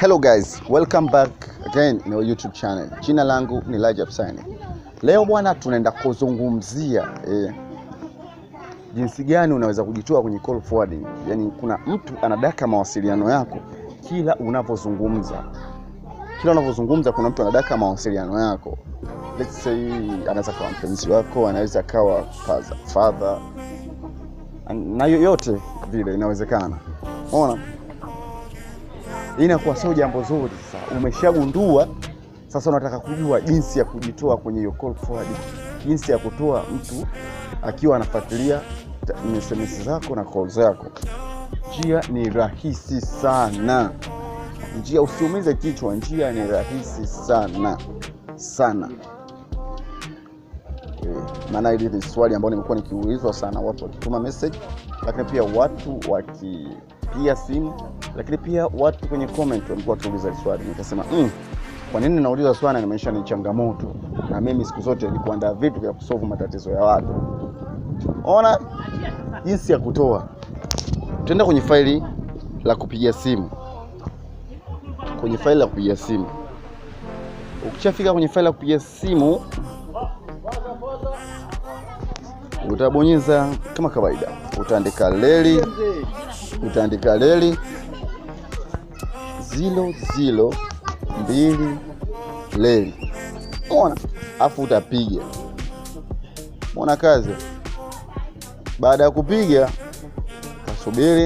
Hello guys, welcome back again in our YouTube channel. Jina langu ni Rajab Saini. Leo bwana, tunaenda kuzungumzia eh, jinsi gani unaweza kujitoa kwenye call forwarding. Yaani kuna mtu anadaka mawasiliano yako kila unapozungumza. Kila unapozungumza kuna mtu anadaka mawasiliano yako. Let's say anaweza kawa mpenzi wako, anaweza kawa father, father na yoyote vile inawezekana. Unaona? inakuwa sio jambo zuri. Sasa umeshagundua, sasa unataka kujua jinsi ya kujitoa kwenye hiyo call forward, jinsi ya kutoa mtu akiwa anafuatilia SMS zako na call zako. Njia ni rahisi sana, njia usiumize kichwa, njia ni rahisi sana sana maana hili ni swali ambalo nimekuwa nikiulizwa sana, watu wakituma message, lakini pia watu wakipia simu, lakini pia watu kwenye comment walikuwa wakiuliza swali. Nikasema mm, kwa nini nauliza swali na maisha ni changamoto, na mimi siku zote ni kuandaa vitu vya kusolve matatizo ya watu. Ona jinsi ya kutoa. Tuenda kwenye faili la kupigia simu, kwenye faili la kupigia simu. Ukishafika kwenye faili la kupigia simu utabonyeza kama kawaida, utaandika leli, utaandika leli zilo zilo mbili leli, mona afu utapiga mona kazi. Baada ya kupiga, kasubiri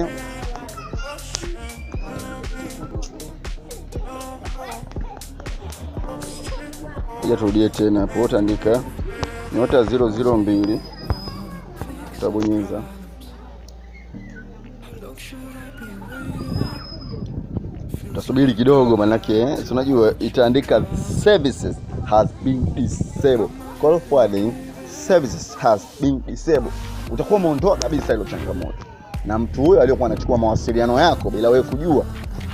ja, turudie tena hapo, utaandika nyota zilo zilo mbili tutabonyeza tasubiri kidogo, manake tunajua eh, itaandika services has been disabled, call forwarding services has been disabled. Utakuwa umeondoa kabisa hilo changamoto, na mtu huyo aliyokuwa anachukua mawasiliano yako bila wewe kujua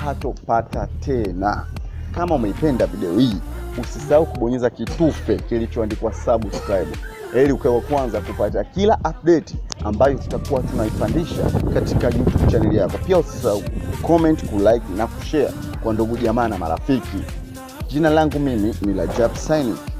hatopata tena. Kama umeipenda video hii, usisahau kubonyeza kitufe kilichoandikwa subscribe ili ukawa kwanza kupata kila update ambayo tutakuwa tunaipandisha katika YouTube channel yako. Pia usisahau comment, kulike na kushare kwa ndugu jamaa na marafiki. Jina langu mimi ni Rajab Synic.